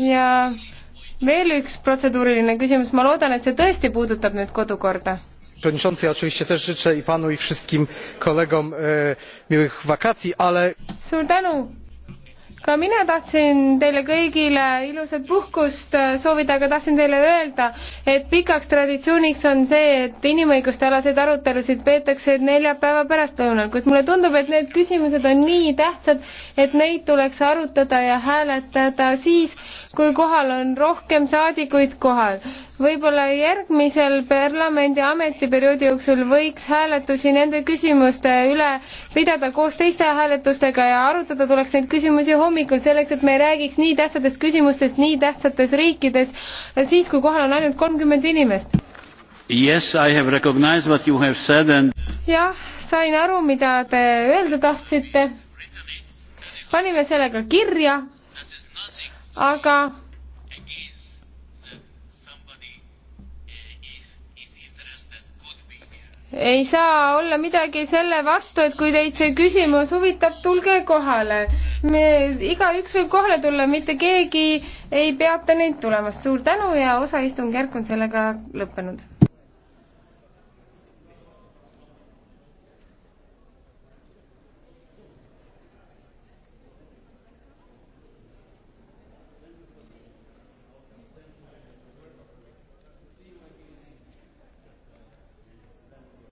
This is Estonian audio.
ja veel üks protseduuriline küsimus, ma loodan, et see tõesti puudutab nüüd kodukorda. Przewodniczący, ja oczywiście też życzę i panu i wszystkim kolegom e, miłych wakacji, ale... Suur tänu! Ka mina tahtsin teile kõigile ilusat puhkust e, soovida, aga tahtsin teile öelda, et pikaks traditsiooniks on see, et inimõiguste alaseid arutelusid peetakse neljapäeva pärastlõunal, kuid mulle tundub, et need küsimused on nii tähtsad, et neid tuleks arutada ja hääletada siis, kui kohal on rohkem saadikuid kohal. võib-olla järgmisel parlamendi ametiperioodi jooksul võiks hääletusi nende küsimuste üle pidada koos teiste hääletustega ja arutada tuleks neid küsimusi hommikul selleks, et me ei räägiks nii tähtsatest küsimustest nii tähtsates riikides siis, kui kohal on ainult kolmkümmend inimest. Yes, I have recognized what you have said and jah, sain aru, mida te öelda tahtsite. panime selle ka kirja aga ei saa olla midagi selle vastu, et kui teid see küsimus huvitab, tulge kohale. me, igaüks võib kohale tulla, mitte keegi ei peata neid tulemast. suur tänu ja osa istungjärk on sellega lõppenud.